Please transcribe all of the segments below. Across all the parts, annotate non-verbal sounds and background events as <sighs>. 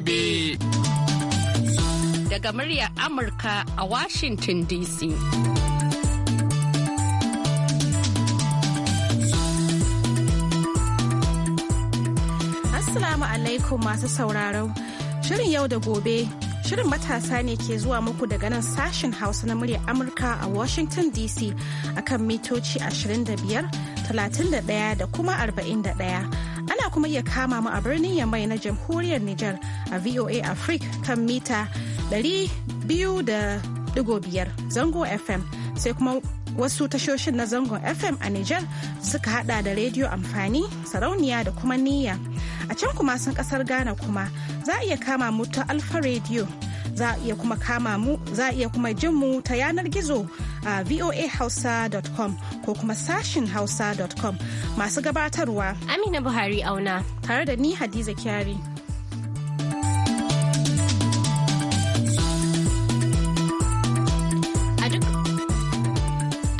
gobe. Daga muryar Amurka a Washington DC. Assalamu alaikum masu sauraro. Shirin yau da gobe. Shirin matasa ne ke zuwa muku daga nan sashen Hausa na muryar Amurka a Washington DC akan mitoci 25, 31 da kuma 41. kuma iya kama mu a birnin Yamai na jamhuriyar Nijar a VOA Africa kan mita 200.5 zango FM sai kuma wasu tashoshin na zangon FM a Nijar suka hada da rediyo amfani, sarauniya da kuma niyya. A can kuma sun kasar Ghana kuma za a iya kama mu ta Alfa rediyo Za a iya kuma kama mu, za a iya kuma jin mu ta yanar gizo a voahausa.com ko kuma sashin hausa.com masu gabatarwa Amina Buhari auna tare da ni Hadiza Kyari.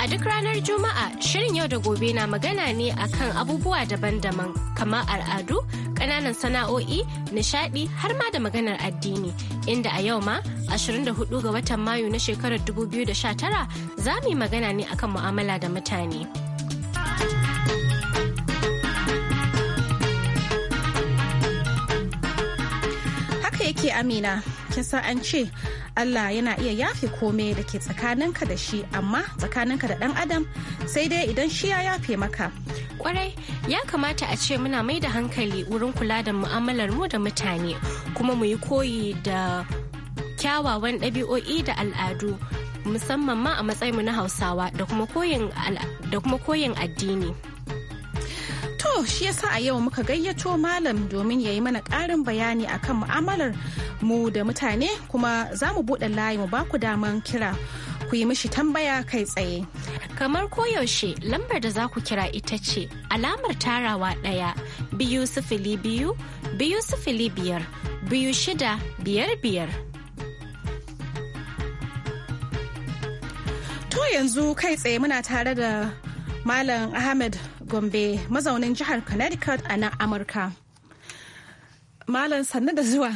duk ranar Juma'a shirin yau da gobe na magana ne akan abubuwa daban-daban kamar al'adu, Kananan sana'o'i, nishaɗi har ma da maganar addini. Inda a yau ma 24 ga watan Mayu na shekarar 2019 za mu yi magana ne akan mu'amala da mutane. Haka yake Amina, kisa an ce Allah yana iya yafe kome da ke tsakaninka da shi amma tsakaninka da ɗan adam sai dai idan shi ya yafe maka. kwarai ya kamata a ce muna mai da hankali wurin kula da mu'amalar mu da mutane kuma mu yi koyi da kyawawan ɗabi'o'i da al'adu musamman ma a mu na hausawa da kuma koyin addini. To shi yasa a yau muka gayyato malam domin ya yi mana ƙarin bayani akan mu'amalar mu da mutane kuma za mu buɗe layi mu ba ku daman kira ku yi mishi tambaya kai tsaye. Kamar koyaushe lambar da za ku kira ita ce alamar tarawa ɗaya biyu sifili biyu biyu sifili biyar biyu shida biyar biyar. To yanzu kai tsaye muna tare da Malam Ahmed Gombe mazaunin jihar Connecticut a nan Amurka. Malam sannu da zuwa.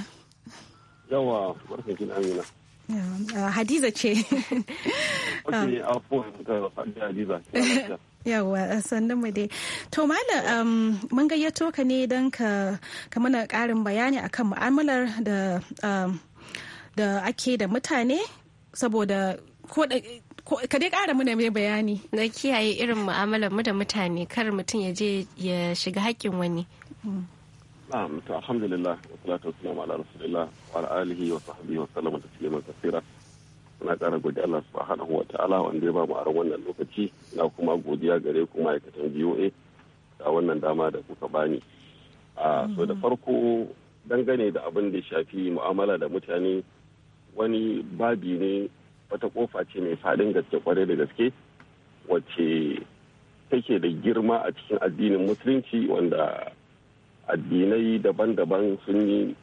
Yawa, barkakin Amina. Uh, Hadiza ce. <laughs> Um, uh, <laughs> Yawa uh, sannan mu dai. To Mala um, mun gayyato ka ne don ka mana ƙarin bayani akan mu'amalar da um, ake da mutane saboda ka dai kara mu mai bayani na kiyaye irin mu'amalar mu da mutane kar mutum ya je ya shiga haƙƙin wani mm. na'am to alhamdulillah wa salatu wa salam ala rasulillah wa ala alihi wa sahbihi wa sallam tasliman kaseera muna ƙara godiya Allah subhanahu wa ta'ala wanda ya bamu aron wannan lokaci na kuma godiya gare ku ma'aikatan BOA da wannan dama da kuka bani a so da farko dangane da abin da shafi mu'amala da mutane wani babi ne wata kofa ce mai faɗin gaske kwarai da gaske wacce take da girma a cikin addinin musulunci wanda addinai daban-daban sun yi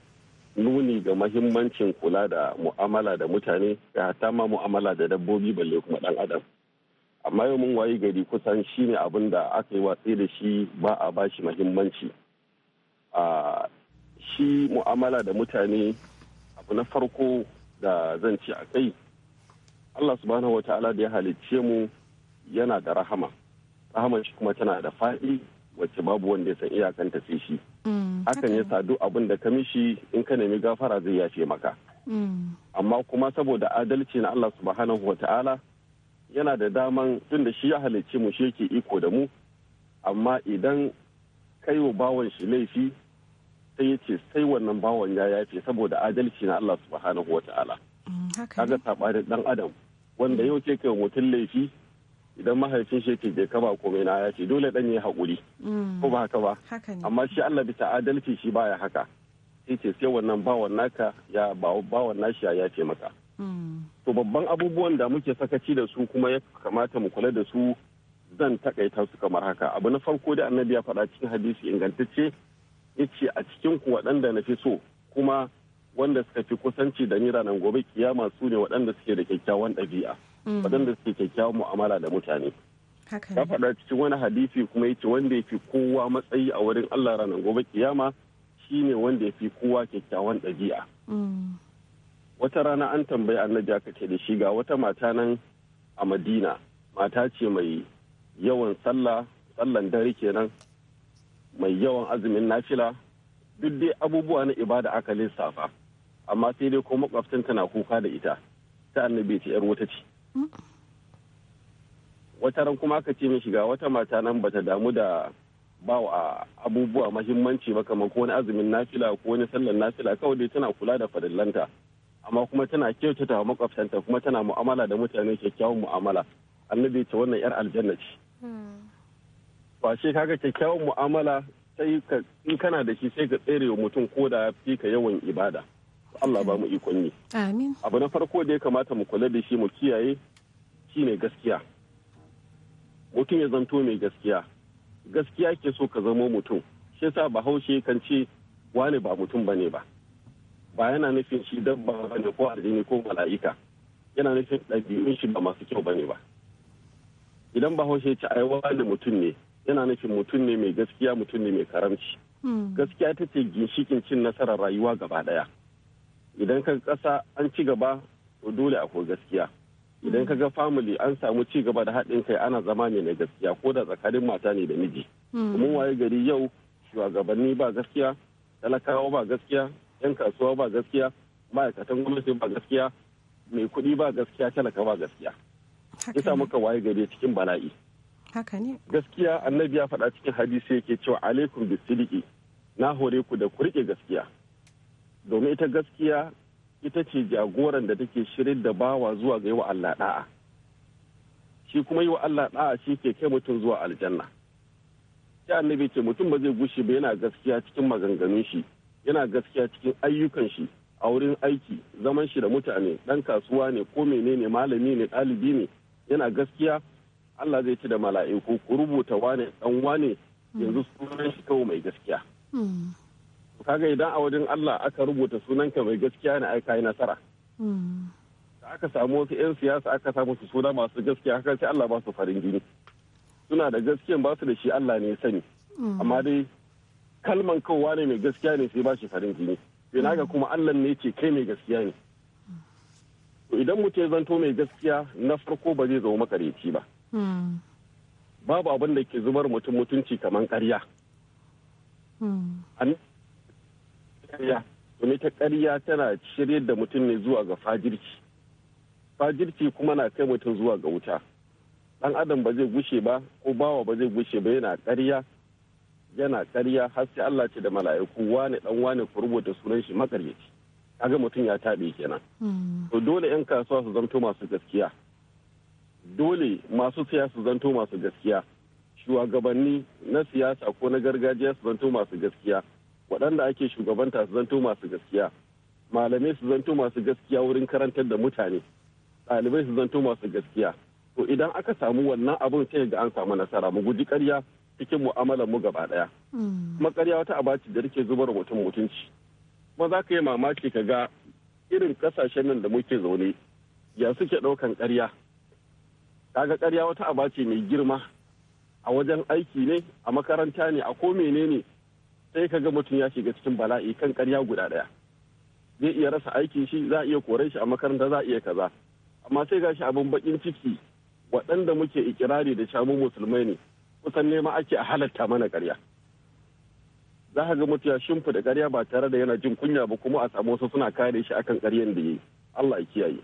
nuni ga mahimmancin kula da mu'amala da mutane da hata ma mu'amala da dabbobi balle kuma dan adam amma yau mun wayi gari kusan shine abin da aka yi watsi da shi ba a ba shi mahimmanci a shi mu'amala da mutane abu na farko da zan ci a kai Allah subhanahu wa ta'ala da ya halicce mu yana da rahama rahama shi kuma tana da faɗi wacce babu wanda ya san iyakanta sai shi mm, hakan ya sadu abin da ka mishi in ka nemi gafara zai yafe maka mm. amma kuma saboda adalci na Allah subhanahu wa ta'ala yana da daman tun da shi ya halicci mu shi yake iko da mu amma idan kai wa bawan shi laifi sai ya ce sai wannan bawan ya yafe saboda adalci na Allah subhanahu wa ta'ala mm, kaga da dan adam wanda yau ce kai mutum laifi idan mahaifin shi yake bai kama komai na ya ce dole dan ya hakuri. Mm. ko ba haka ba amma shi Allah bisa adalci shi baya haka sai ce sai wannan bawan naka ya bawan nashi ya ce maka mm. to babban abubuwan da muke sakaci da su kuma ya kamata mu kula da su zan takaita su kamar haka abu na farko da annabi ya faɗa cikin hadisi ingantacce yace a cikin ku waɗanda na fi so kuma wanda suka fi kusanci da ni ranar gobe kiyama su ne waɗanda suke da kyakkyawan ɗabi'a. Mm. waɗanda suke kyakkyawan mu'amala da mutane ya faɗa cikin wani hadisi kuma yace wanda ya fi kowa matsayi a wurin Allah ranar gobe kiyama shine wanda ya fi kowa kyakkyawan ɗabi'a mm. wata rana an tambayi annabi aka ce da shi ga wata mata nan a madina mata ce mai yawan sallah sallan dare kenan mai yawan azumin nafila duk dai abubuwa na ibada aka lissafa amma sai dai ko makwabtan na kuka da ita ta annabi ta yar wata ce wata ran kuma aka ce min shiga wata mata nan bata damu da ba wa abubuwa mahimmanci ba kamar ko wani azumin nafila ko wani sallar nafila kawai dai tana kula da fadillanta amma kuma tana kyautata wa makwabtanta kuma tana mu'amala da mutane kyakkyawan mu'amala annabi ce wannan yar aljanna ce hmm. ba shi kaga kyakkyawan mu'amala sai ka in kana da shi sai ka tsere wa mutum ko da fi ka yawan ibada Allah ba mu ikon ne abu na farko da ya kamata mu kula da shi mu kiyaye mai gaskiya mutum ya zanto mai gaskiya gaskiya ke so ka zamo mutum shi yasa bahaushe kan ce wane ba mutum bane ba ba yana nufin shi dabba bane ko arzini ko mala'ika yana nufin ɗabi'un shi ba masu kyau bane ba idan bahaushe ce ai wane mutum ne yana nufin mutum ne mai gaskiya mutum ne mai karamci hmm. gaskiya ta ce ginshikin cin nasarar rayuwa gaba ɗaya idan ka ƙasa an ci gaba to dole akwai gaskiya idan mm. ka ga family an samu ci gaba da haɗin kai ana zama ne na gaskiya ko da tsakanin mata ne da miji mm. mun waye gari yau shugabanni ba gaskiya talakawa ba gaskiya yan kasuwa ba gaskiya ma'aikatan gwamnati ba gaskiya mai kuɗi ba gaskiya talaka ba gaskiya yasa muka waye gari cikin bala'i haka ne gaskiya annabi ya faɗa cikin hadisi yake cewa alaikum bisiliki na hore ku da ku riƙe gaskiya domin ita gaskiya ita ce jagoran da take shirin da bawa zuwa ga yi Allah da'a shi kuma yi Allah da'a shi ke kai mutum zuwa aljanna sai annabi ce mutum ba zai gushi ba yana gaskiya cikin maganganun shi yana gaskiya cikin ayyukan shi a wurin aiki zaman shi da mutane dan kasuwa ne ko menene malami ne ɗalibi ne yana gaskiya Allah zai ci da mala'iku ku rubuta wane dan wane hmm. yanzu sunan shi kawai mai gaskiya hmm. kaga idan a wajen Allah aka rubuta sunanka mai gaskiya ne aka yi nasara da aka samu wasu 'yan siyasa aka samu su suna masu gaskiya haka sai Allah ba su farin jini suna da gaskiyan ba su da shi Allah ne ya sani amma dai kalman kowa ne mai gaskiya ne sai ba shi farin jini sai naga kuma Allah ne ce kai mai gaskiya ne to idan mutum ya zanto mai gaskiya na farko ba zai zama makareci ba babu abin da ke zubar mutum mutunci kamar karya. Hmm. ƙarya domin ta ƙarya tana shiryar da mutum ne zuwa ga fajirci fajirci kuma na kai mutum zuwa ga wuta ɗan adam ba zai gushe ba ko bawa ba zai gushe ba yana ƙarya yana ƙarya har sai Allah ce da mala'iku wane ɗan wane ku rubuta sunan shi makaryaci kaga mutum ya taɓe kenan hmm. to dole yan kasuwa su zanto masu gaskiya dole masu siya su zanto masu gaskiya shugabanni na siyasa ko na gargajiya su zanto masu gaskiya waɗanda ake shugabanta su zanto masu gaskiya malamai su zanto masu gaskiya wurin karantar da mutane ɗalibai su zanto masu gaskiya to idan aka samu wannan abin sai ga an samu nasara mu guji karya cikin mu'amalar mu gaba ɗaya hmm. kuma ƙarya wata ce da rike zubar mutum mutunci kuma za ka yi mamaki ka ga irin ƙasashen nan da muke zaune ya suke ɗaukan ƙarya kaga ƙarya wata ce mai girma a wajen aiki ne a makaranta ne a ko menene ne sai ka ga mutum ya shiga cikin bala'i kan karya guda ɗaya zai iya rasa aikin shi za a iya kore shi a makaranta za a iya kaza amma sai gashi abin bakin ciki waɗanda muke ikirari da shamu musulmai ne kusan nema ake a halatta mana karya za ka ga mutum ya shimfida karya ba tare da yana jin kunya ba kuma a samu wasu suna kare shi akan karyan da ya yi Allah ya kiyaye.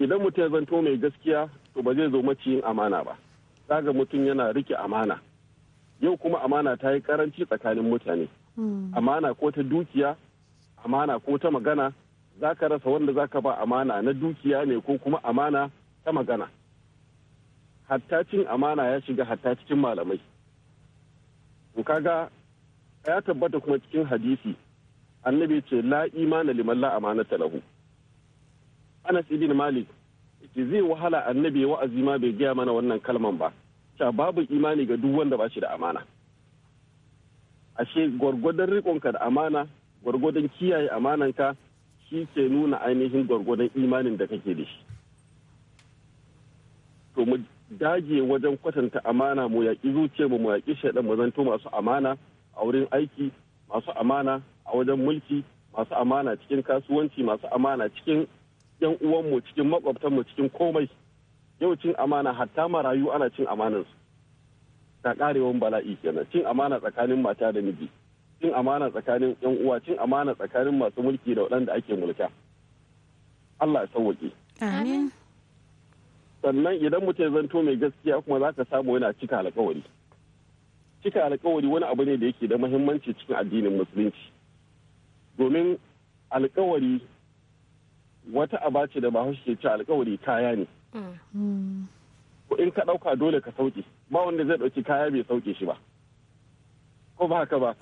Idan mutum ya zanto mai gaskiya to ba zai zo maciyin amana ba. Za mutum yana rike amana. yau kuma amana ta yi karanci tsakanin mutane hmm. amana ko ta dukiya amana ko ta magana za ka rasa wanda za ka ba amana na dukiya ne ko kuma amana ta magana hatta cin amana ya shiga hatta cikin malamai to kaga ya tabbata kuma cikin hadisi annabi ce la imana liman la amanata lahu anas ibn malik ce zai wahala annabi wa'azi ma bai gaya mana wannan kalman ba cewa babu imani ga duk wanda ba shi da amana ashe gwargwadon riƙonka da amana gwargwadon kiyaye amananka shi ke nuna ainihin gwargwadon imanin da kake da shi to mu dage wajen kwatanta amana mu yaƙi zuciya mu yaƙi shaɗa mu zanto masu amana a wurin aiki masu amana a wajen mulki masu amana cikin kasuwanci masu amana cikin yan uwanmu cikin mu cikin komai yau cin amana hatta marayu ana cin amanansu ta karewan bala'i kenan cin amana tsakanin mata da miji cin amana tsakanin yan uwa cin amana tsakanin masu mulki da waɗanda ake mulka Allah ya sauwaƙe amin sannan idan mutum zanto mai gaskiya kuma za ka samu yana cika alkawari cika alkawari wani abu ne da yake da muhimmanci cikin addinin musulunci domin alkawari wata aba ce da bahaushe ke ci alkawari kaya ne in ka ɗauka dole ka sauke ba wanda zai ɗauki kaya bai sauke shi ba ko ba haka ba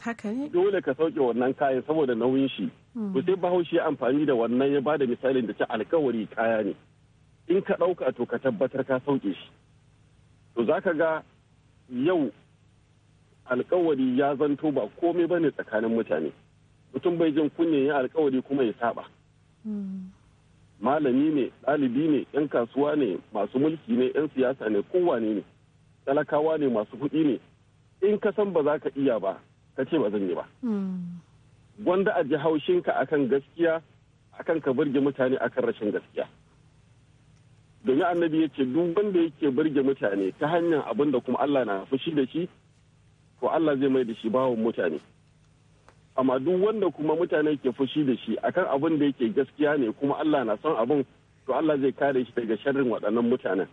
dole ka sauke wannan kayan saboda nauyin shi ko hmm. sai bahaushe amfani da wannan ya bada misalin da ta alkawari kaya ne in ka ɗauka to ka tabbatar ka sauke shi to za ka ga yau alkawari ya zanto ba komai ba ne tsakanin mutane mutum bai jin kunya ya alkawari kuma ya saba hmm. malami ne ɗalibi ne 'yan kasuwa ne masu mulki ne 'yan siyasa ne kowane ne talakawa ne masu kuɗi ne in ka san ba za ka iya ba ka ce ba zan yi ba hmm. gwanda a ji haushinka akan gaskiya akan ka burge mutane akan rashin gaskiya domin annabi ya ce duk wanda yake burge mutane ta hanyar abin da kuma Allah na fushi da shi to Allah zai mai da shi bawon mutane amma duk wanda kuma mutane ke fushi da shi akan abin da yake gaskiya ne kuma Allah na son abin to Allah zai kare shi daga sharrin waɗannan mutanen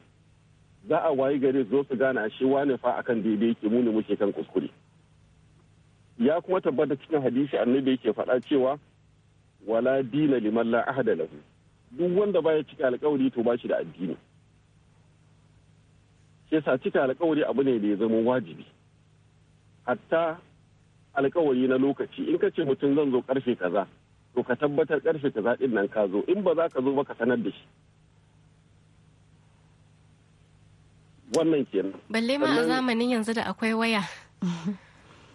za a wayi gari zo su gana shi wane fa akan daidai yake mu ne muke kan kuskure ya kuma tabbata cikin hadisi annabi yake faɗa cewa wala dina liman la ahada lahu duk wanda baya cika alƙawari to ba shi da addini sai sa cika alkawari abu ne da ya zama wajibi hatta alkawari na lokaci in ka ce mutum zan zo karfe kaza to ka tabbatar karfe kaza din nan ka zo in ba za ka zo ba ka sanar da shi wannan kenan balle ma a zamanin yanzu da akwai waya <laughs>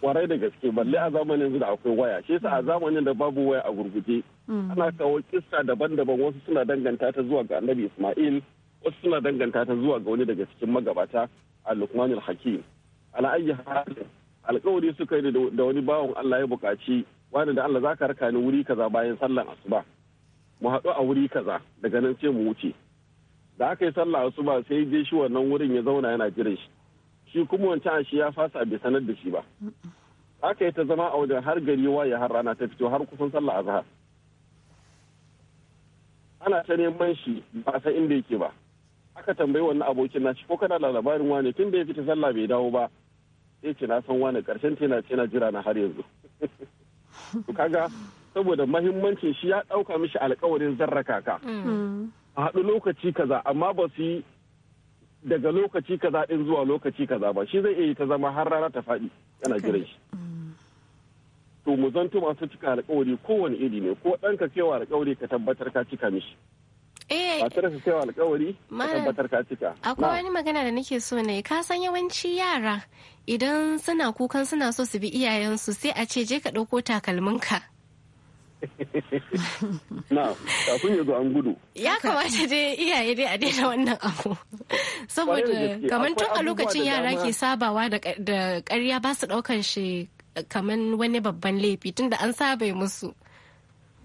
kwarai da gaske balle a zamanin yanzu da akwai waya shi yasa a zamanin da babu waya a gurguje mm. ana kawo kissa daban-daban wasu suna danganta ta zuwa ga annabi isma'il wasu suna danganta ta zuwa ga wani daga cikin magabata a lukmanul hakim ala ayyi alkawari suka yi da wani bawan Allah ya buƙaci wani da Allah za ka raka ni wuri kaza bayan sallan asuba mu haɗu a wuri kaza daga nan sai mu wuce da aka yi sallah asuba sai je shi wannan wurin ya zauna yana jiran shi shi kuma wancan shi ya fasa bai sanar da shi ba aka yi ta zama a wajen har gari waye har rana ta fito har kusan sallah azhar ana ta neman shi ba san inda yake ba aka tambayi wannan abokin shi ko kana labarin wane tun da ya fita sallah bai dawo ba sai ce na san wani karshen tana tana jira na har yanzu <laughs> to kaga saboda mahimmancin shi ya dauka mishi alkawarin zarra kaka a haɗu lokaci kaza amma ba su yi daga lokaci kaza ɗin zuwa lokaci kaza ba shi zai iya ta zama har rana ta faɗi yana jiran shi to mu zanto masu cika alkawari kowane iri ne ko ɗanka kewa alkawari ka tabbatar ka cika mishi ba eh, su cewa alkawari ka tabbatar ka cika akwai wani magana da nake so ne ka san yawanci yara idan suna kukan suna so su bi iyayensu sai a ce je ka ɗauko ka. <laughs> na kafin ya an gudu ya kamata dai iyaye dai a daina wannan abu <laughs> saboda kamar tun a lokacin yara ke sabawa da karya ba su ɗaukan shi kamar wani babban laifi tunda an saba musu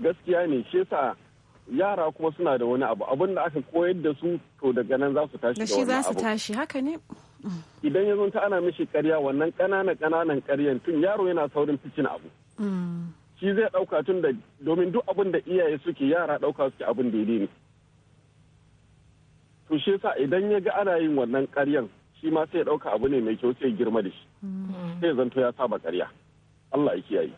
gaskiya ne shi sa yara kuma suna da wani abu abin da aka koyar da su to daga nan za su tashi da shi za su tashi haka ne idan ya zunta ana mishi karya wannan ƙananan kananan karyan tun yaro yana saurin ficin abu mm. shi zai ɗauka tun da domin duk abin da iyaye suke yara ɗauka suke abin daidai ne to shi yasa idan ya ga ana yin wannan karyan shi ma sai ya ɗauka abu ne mai kyau sai girma da shi mm. sai zanto ya saba karya Allah ya kiyaye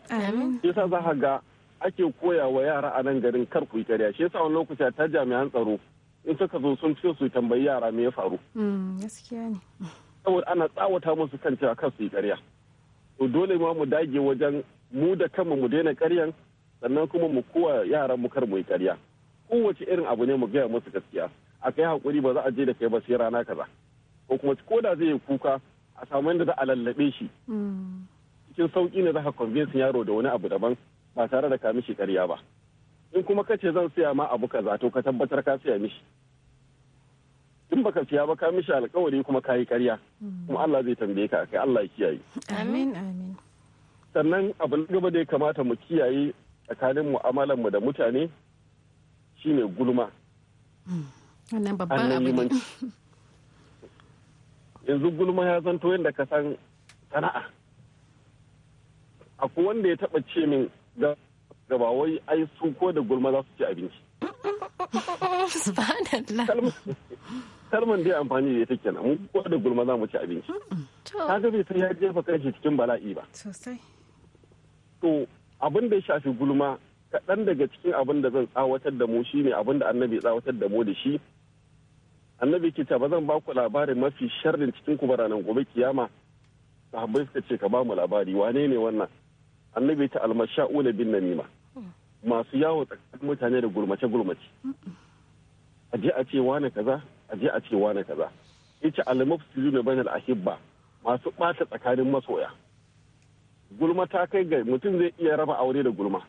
shi yasa za ka ga ake koya wa yara a nan garin kar kuyi karya shi yasa wani lokaci ta jami'an tsaro in suka zo sun ce su tambayi yara me ya faru hmm, gaskiya ne saboda ana tsawata musu kan cewa kar su yi karya to dole ma mu dage wajen mu da kanmu mu daina karyan sannan kuma mu kowa yaran mu kar mu yi karya kowace irin abu ne mu gaya musu gaskiya a kai hakuri ba za a je da kai ba sai rana kaza ko kuma ko da zai yi kuka a samu yadda za a lallabe shi hmm. cikin sauki ne za ka convince yaro da wani abu daban ba tare da ka mishi karya ba in kuma ka ce zan siya ma abu kaza to ka tabbatar ka siya mishi in baka siya ba ka mishi alkawari kuma ka yi karya kuma Allah zai tambaye ka kai Allah ya kiyaye amin amin sannan abin gaba da ya kamata mu kiyaye tsakanin mu'amalar mu da mutane shine gulma wannan babban abu ne yanzu gulma ya zanto yadda ka san sana'a akwai wanda ya taba ce min gaba wai ai su ko da gulma za su ci abinci. Kalman dai amfani da ita kenan mun ko da gulma za mu ci abinci. Kaga bai sai ya jefa kanshi cikin bala'i ba. Sosai. To abin da ya shafi gulma kaɗan daga cikin abin da zan tsawatar da mu shi ne abin da annabi tsawatar da mu da shi. Annabi ke ba zan ba labarin mafi sharrin cikin ku baranan gobe kiyama. Sahabbai suka ce ka ba mu labari wane ne wannan? annabi ta almasha'una bin namima masu yawo tsakanin mutane da gulmace gulmace a je a ce wane kaza a je a ce wane kaza yace almufsiduna ahibba masu ɓata tsakanin masoya gulma ta kai ga mutum zai iya raba aure da gulma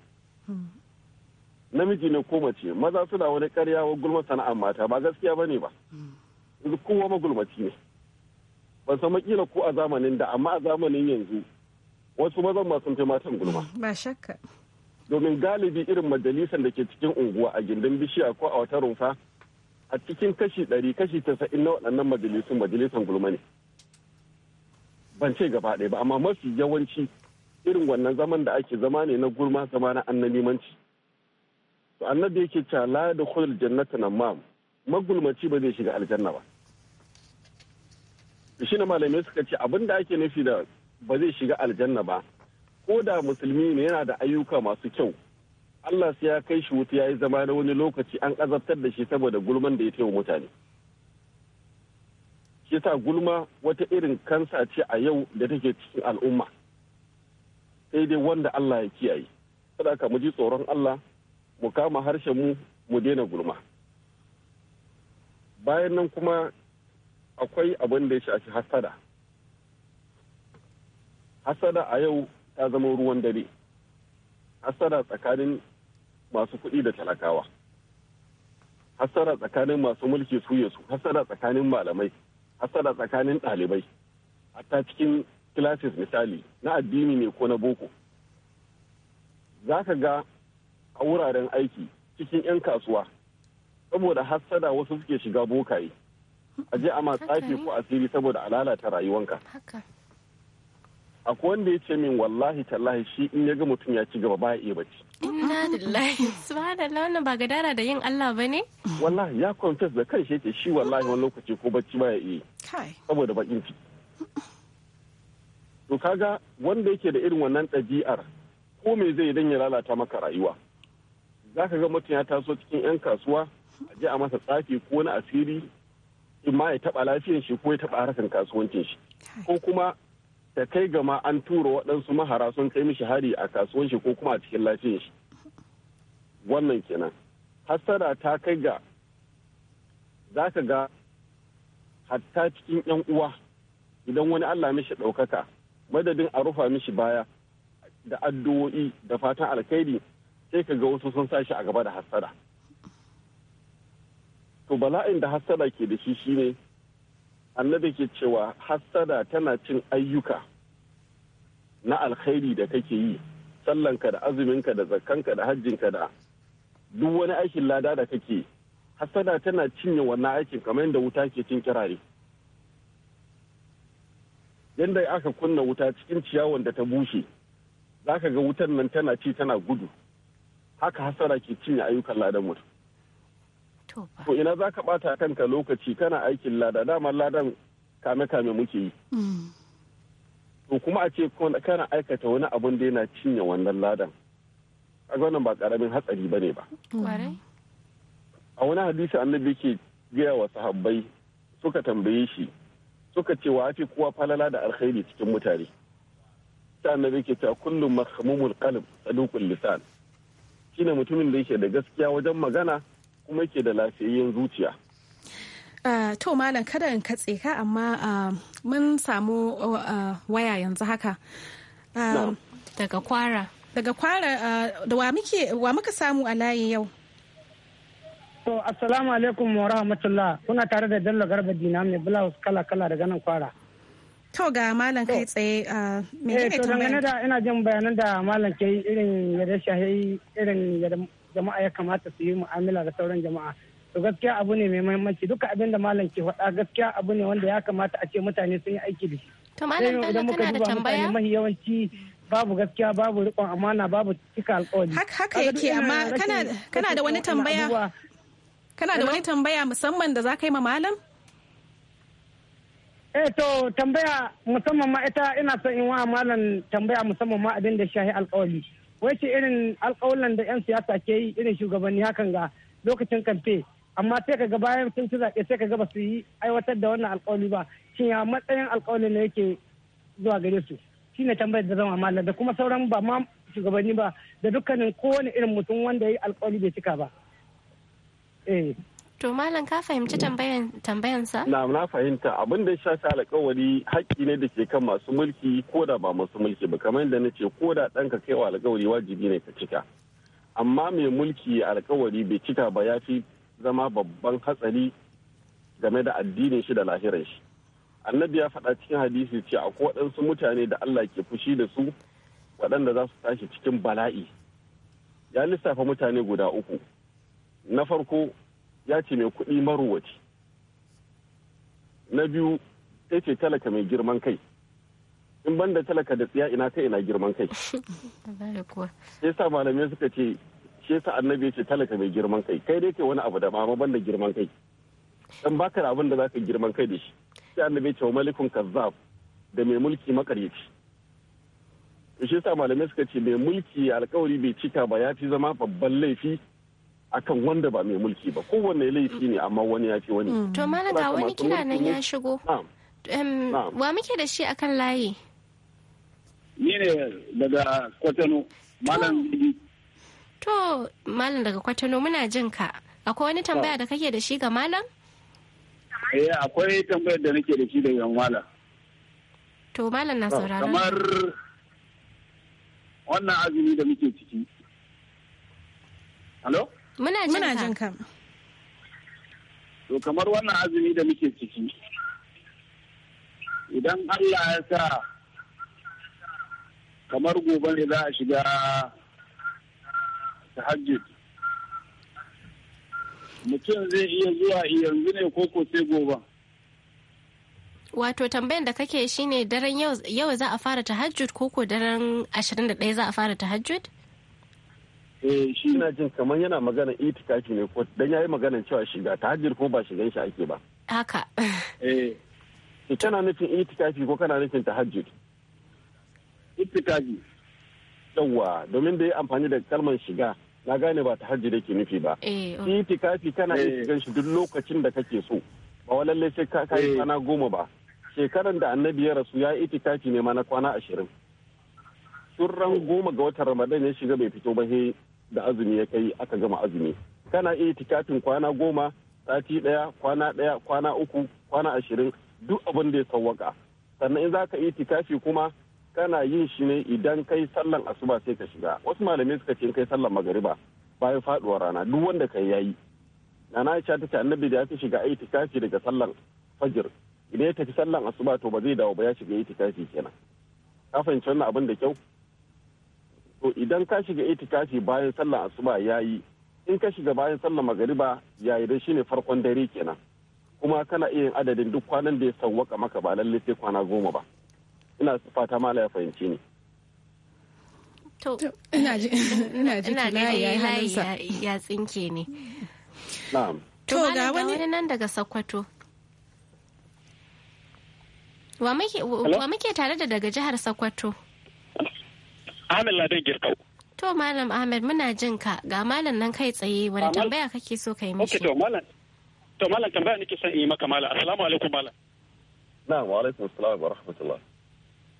namiji ne ko mace maza suna wani karya wa gulma sana'a mata ba gaskiya ba ne ba kowa magulmaci ne ban san makila ko a zamanin da amma a zamanin yanzu wasu mazan ma sun fi matan gulma <sighs> ba shakka domin galibi irin majalisar da ke cikin unguwa a gindin bishiya ko a wata rumfa a cikin kashi ɗari kashi casa'in na waɗannan majalisun majalisan gulma ne ban ce gaba ɗaya ba amma mafi yawanci irin wannan zaman da ake zama ne na gulma zama na limanci to annabi yake cewa la da khulul jannata nan ma magulmaci ba zai shiga aljanna ba shi ne malamai suka ce abin da ake nufi da ba zai shiga aljanna ba ko da musulmi ne yana da ayyuka masu kyau Allah sai ya kai shi wuta yayi zama na wani lokaci an azabtar da shi saboda gulman da ya wa mutane shi sa gulma wata irin kansa ce a yau da take cikin al'umma sai dai wanda Allah ya kiyaye saboda mu ji tsoron Allah mu kama harshen mu mu daina gulma bayan nan kuma akwai abin da ya shafi hasada hasada a yau ta zama ruwan dare hasada tsakanin masu kuɗi da talakawa hasada tsakanin masu mulki su su hasada tsakanin malamai hasada tsakanin ɗalibai hatta cikin classes misali na addini ne ko na boko za ka ga a wuraren aiki cikin 'yan kasuwa saboda hassada wasu suke shiga bokaye a je a ma tsafi ko asiri saboda a lalata rayuwanka akwai wanda ya ce min wallahi tallahi shi in ya ga mutum ya ci gaba baya iya bacci. Inna lillahi subhanallah wannan ba gadara da yin Allah ba ne? Wallahi ya confess da kan shi shi wallahi wani lokaci ko bacci baya iya. Kai. Saboda bakin ci. To ga wanda yake da irin wannan ɗabi'ar ko me zai dan ya lalata maka rayuwa. Za ka ga mutum ya taso cikin 'yan kasuwa a je a masa tsafi ko na asiri in ma ya taɓa lafiyan shi ko ya taɓa harkan kasuwancin shi. Ko kuma ta kai gama an tura waɗansu mahara sun kai mishi hari a kasuwan shi ko kuma a cikin lafiyan shi wannan kenan hasara ta kai ga za ka ga hatta cikin yan uwa idan wani allah mishi ɗaukaka madadin a rufa mishi baya da addu'o'i da fatan alkhairi sai ka ga wasu sun sashi a gaba da hasara to bala'in da hasara ke da shi shine annabi ke cewa hassada tana cin ayyuka na alkhairi da kake yi sallanka da azuminka da zakkanka da hajjinka da duk wani aikin lada da kake hassada tana cinye wannan aikin kamar yadda wuta ke cin kirare yadda aka kunna wuta cikin ciyawan da ta bushe za ka ga wutan nan tana ci tana gudu haka hassada ke cinye ayyukan ladan mutum ko ina za ka ɓata kanka lokaci kana aikin lada dama ladan kame-kame muke yi. Mm. To kuma a ce kana aikata wani abun da yana cinye wannan ladan. Kaga wannan ba karamin hatsari ba ne ba. A wani hadisi annabi ke gaya wa sahabbai suka tambaye shi suka ce wa fi kowa falala da alkhairi cikin mutane. Ta annabi ke cewa kullum mahmumul qalb saduqul lisan. Shine mutumin da yake da gaskiya wajen magana kuma yake da lafiyayyen zuciya ah, to malam kada in katse ka amma ah, mun samu ah, waya yanzu haka daga kwara daga kwara da wa muka samu a layi yau to assalamu alaikum wa rahmatullah kuna tare da bello garba dina mai blouse kala kala daga nan kwara to ga malam kai tsaye me ne eh, to dangane da ina jin bayanan da malam ke irin yadda shahi irin yadda jama'a ya kamata su yi mu'amala da sauran jama'a to gaskiya abu ne mai muhimmanci duka abin da malam ke faɗa gaskiya abu ne wanda ya kamata a ce mutane sun yi aiki da shi to malam bello kana da tambaya mahi yawanci babu gaskiya babu riƙon amana babu cika alƙawari haka yake amma kana da wani tambaya kana da wani tambaya musamman da za ka yi ma malam eh to tambaya musamman ma ita ina son in wa malam tambaya musamman ma abin da shahi alƙawari wace irin alkawalan da 'yan siyasa ke yi irin shugabanni hakan ga lokacin kamfe amma sai ka kaga bayan sun ci zaɓe sai kaga ba su yi aiwatar da wannan alkawali ba shi ya matsayin alkawalin da yake zuwa gare su shine tambayar da zama malam da kuma sauran ba ma shugabanni ba da dukkanin kowane irin mutum wanda ya yi alkawali bai cika ba. Eh. To malam ka fahimci tambayansa? Na na fahimta abin da ya shafi alƙawari haƙƙi ne da ke kan masu mulki ko da ba masu mulki ba kamar yadda na ce ko da ɗanka kai wa alƙawari wajibi ne ka cika. Amma mai mulki alƙawari bai cika ba ya fi zama babban hatsari game da addinin shi da lahirar shi. Annabi ya faɗa cikin hadisi ce akwai waɗansu mutane da Allah ke fushi da su waɗanda za su tashi cikin bala'i. Ya lissafa mutane guda uku. Na farko ya ce mai kuɗi marowaci na biyu sai ce talaka mai girman kai in ban da talaka da tsiya ina kai ina girman kai sai sa malamai suka ce shi yasa annabi ya ce talaka mai girman kai kai dai ke wani abu da ma ban da girman kai dan baka da abin da zaka girman kai da shi sai annabi ya ce malikun kazzab da mai mulki makaryaci shi yasa malamai suka ce mai mulki alkawari bai cika ba ya fi zama babban laifi akan wanda ba mai mulki ba kowanne laifi ne amma wani ya fi wani. Mm. To malam ga wani kira nan ya shigo. Wa muke da shi akan layi? Ni ne daga Kwatano. Malam To malam daga Kwatano muna jin ka. Akwai wani tambaya da kake da shi ga malam? Eh akwai tambayar da nake da shi daga malam. To malam na sauraron. Kamar wannan azumi da muke ciki. Muna jin ka. To kamar wannan azumi da muke ciki. Idan Allah ya sa kamar gobe ne za a shiga tahajjud. Mutum zai iya zuwa yanzu ne ko sai gobe. Wato tambayan da kake shine daren yau za a fara tahajjud ko daren 21 za a fara tahajjud? eh shi na jin kamar yana magana itikafi ne ko dan yayi magana cewa shiga hajjir ko ba shigan shi ake ba haka eh kana nufin itikafi ko kana nufin tahajjud itikafi yawa domin da ya amfani da kalmar shiga na gane ba tahajjud yake nufi ba eh, oh. itikafi kana yin eh. shigan shi duk lokacin da kake so ba wa sai ka kai eh. kwana goma ba shekaran da annabi ya rasu ya itikafi ne ma na kwana ashirin sun ran goma ga watan ramadan ya shiga bai fito ba sai da azumi ya kai aka gama azumi kana iya tikafin kwana goma sati daya kwana daya kwana uku kwana ashirin duk abin da ya sawwaka sannan in za ka iya tikafi kuma kana yin shi ne idan kai sallan asuba sai ka shiga wasu malamai suka ce kai sallan magariba bayan faduwar rana duk wanda yi yayi nana aisha ta ce annabi da ya fi shiga itikafi daga sallan fajir idan ya tafi sallan asuba to ba zai dawo ba ya shiga tikafi kenan ka fahimci wannan abin da kyau to idan ka shiga itikafi bayan sallah asuba yayi in ka shiga bayan sallah magariba yayi dan shine farkon dare kenan kuma kana iya yin adadin duk kwanan da ya sawwaka maka ba lalle sai kwana goma ba ina fata mala ya fahimci ni to <laughs> ina ji ina ji ya tsinke ne na'am to ga wani nan daga sakkwato wa muke tare da daga jihar sakkwato Amin Ladan Girkau. To Malam Ahmed muna jin ka ga malam nan kai tsaye wani tambaya kake so ka yi mishi. to malam. To malam tambaya nake son yi maka malam. Assalamu alaikum malam. Na'am wa alaikum assalam wa rahmatullah.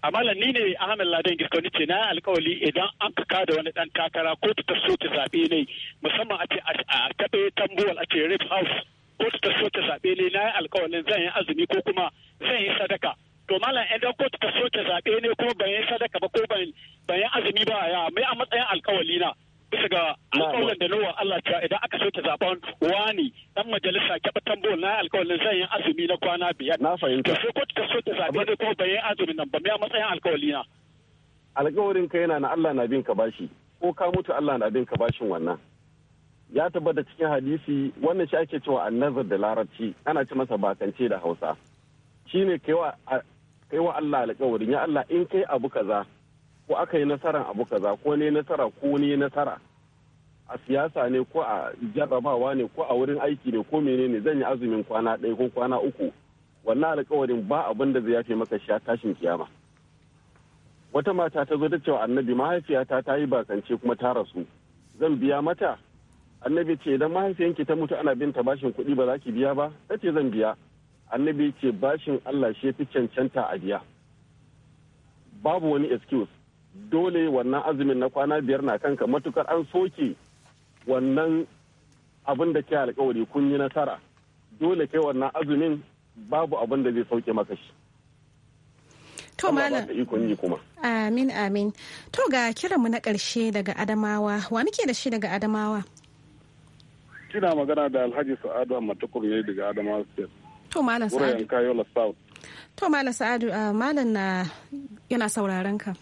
A malam ni ne Ahmed Ladan Girkau ni ce na alkawali idan an kaka da wani dan takara ko ta so ta zabe ne musamman a ce a tabe tambuwal a ce Rip House ko ta so ta zabe ne na alkawalin zan yi azumi ko kuma zan yi sadaka. to malam ɗan kotu ka soke zaɓe ne ko ban yi sadaka ba ko ban yi azumi ba ya mai a matsayin alkawali na bisa ga alkawalin da nawa Allah cewa idan aka soke zaɓen wani ɗan majalisa kyaɓa tambo na alkawalin zan yi azumi na kwana biyar. Na fahimta. To sai kotu ka soke zaɓe ne ko ban yi azumi nan ba mai a matsayin alkawali na. Alkawarin ka yana na Allah na bin ka bashi ko ka mutu Allah na bin ka bashin wannan. Ya tabbata cikin hadisi wannan shi ake cewa annazar da larabci ana ci masa bakance da hausa. Shine kewa sai wa Allah alƙawarin ya Allah in kai abu kaza ko aka yi nasarar abu kaza ko ne nasara ko ne nasara a siyasa ne ko a jarrabawa ne ko a wurin aiki ne ko menene zan yi azumin kwana ɗaya ko kwana uku wannan alƙawarin ba abin da zai yafe maka sha tashin kiyama wata mata ta zo ta cewa annabi mahaifiyata ta yi bakance kuma ta rasu zan biya mata annabi ce idan mahaifiyanki ta mutu ana binta bashin kuɗi ba za ki biya ba ta ce zan biya annabi ce bashin Allah shi fi cancanta a biya babu wani excuse dole wannan azumin na kwana biyar na kanka matukar an soke wannan abin da ke alkawari kun yi nasara dole kai wannan azumin babu abin da zai sauke maka shi To malam. Amin amin. To ga kiranmu na ƙarshe daga Adamawa. Wa ke da shi daga Adamawa? Kina magana da Alhaji Sa'adu Amatukur ne daga Adamawa State. To Malam Sa'adu. Wurin Kayola South. To Malam Sa'adu, Malam na yana sauraron ka.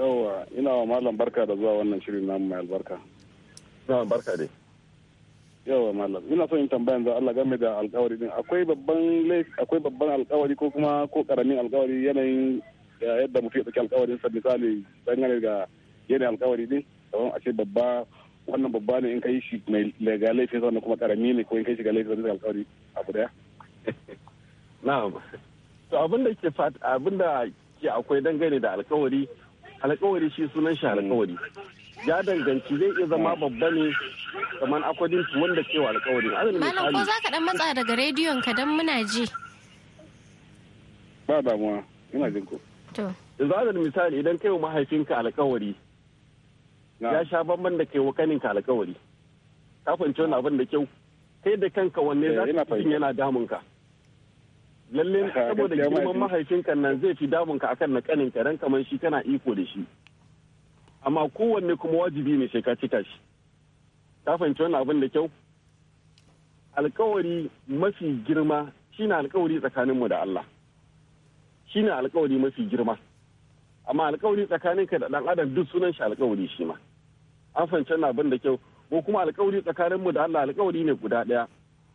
Yawwa, ina wa Malam barka da zuwa wannan shirin namu mai albarka. Zuwa barka dai. Yawwa Malam, ina son yin tambayan za Allah game da alkawari din. Akwai babban akwai babban alkawari ko kuma ko karamin alkawari yanayin yadda mutum ya tsaki alkawarin sa misali dangane ga yanayin alkawari din. Kamar a ce babba wannan babba ne in kai shi mai ga laifin wannan kuma karami ne ko in kai shi ga laifin zai alƙawari abu daya na'am to abin da ke fat abin da ke akwai dangane da alƙawari alƙawari shi sunan shi alƙawari ya danganci zai iya zama babba ne kamar akwadin wanda ke wa alkawari malam ko za ka dan matsa daga rediyon ka dan muna ji ba damuwa ina jin ku to yanzu misali idan kai wa mahaifinka alƙawari ya sha bamban da kai wakanin ka alkawari ka fahimci wani abin da kyau kai da kanka wanne za eh, ka cikin yana damun ka lalle <laughs> saboda girman mahaifinka nan zai fi damun ka akan na kanin ka dan kamar shi kana iko da shi amma kowanne kuma wajibi ne sai ka cika shi ka fahimci wani abin da kyau alkawari mafi girma shine alkawari tsakaninmu da Allah shine alkawari mafi girma amma alkawari tsakaninka da dan adam duk sunan shi alkawari shi ma an fahimci na ban da kyau ko kuma alkawari tsakanin mu da Allah alkawari ne guda ɗaya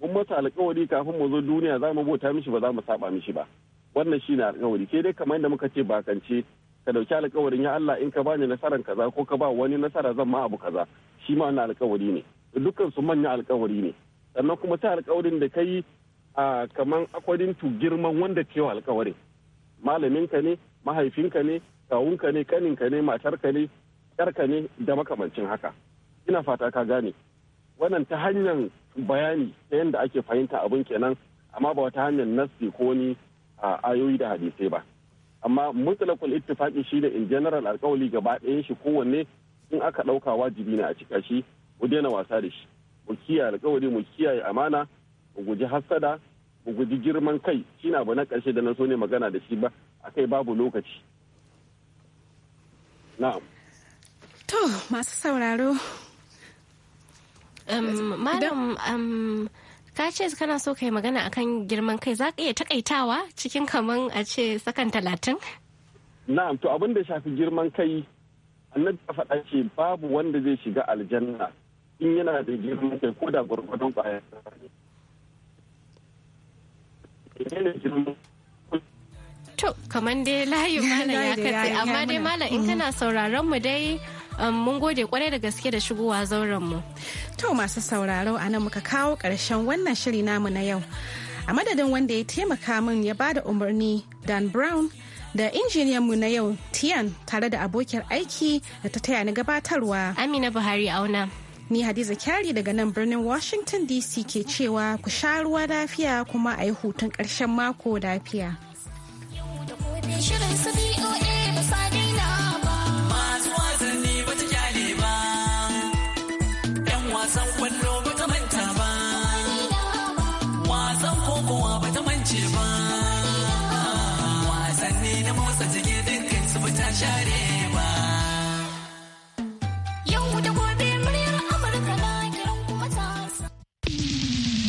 mun masa alkawari kafin mu zo duniya za mu bauta mishi ba za mu saba mishi ba wannan shine alkawari ke dai kamar yadda muka ce bakance ka dauki alkawarin ya Allah in ka bani nasaran kaza ko ka ba wani nasara zan ma abu kaza shi ma wannan alkawari ne dukkan su manya alkawari ne sannan kuma sai alkawarin da kai a kamar according to girman wanda ke alkawarin ka ne mahaifinka ne kawunka ne kaninka ne matarka ne yarka ne da makamancin haka ina fata ka gane wannan ta hanyar bayani ta yadda ake fahimta abin kenan amma ba wata hanyar nassi ko wani ayoyi da hadisai ba amma mutlaqul ittifaqi shine in general alkawali gaba ɗayan shi kowanne in aka ɗauka wajibi ne a cika shi mu daina wasa da shi mu kiyaye alkawari mu kiyaye amana mu guji hassada mu guji girman kai shine abu na ƙarshe da na so ne magana da shi ba akai babu lokaci na'am To masu sauraro. Malam um, ka ce kana so ka yi magana akan girman kai za ka iya takaitawa cikin kaman a ce sakan talatin? Na'am to abin da shafi girman kai annabi ya faɗa ce babu wanda zai shiga aljanna in yana da girman kai ko da gwargwadon ƙwayar To, kamar dai layu <laughs> malam ya katse, amma dai malam in mm-hmm. kana sauraron mu dai mun gode kwarai da gaske da shigowa zauren mu to masu sauraro a nan muka kawo ƙarshen wannan shiri namu na yau a madadin wanda ya taimaka min ya ba da umarni dan brown da injiniyan mu na yau Tian, tare da abokiyar aiki da ta taya ni gabatarwa amina buhari auna ni hadiza kyari daga nan birnin washington dc ke cewa ku sha ruwa lafiya kuma a yi hutun ƙarshen mako lafiya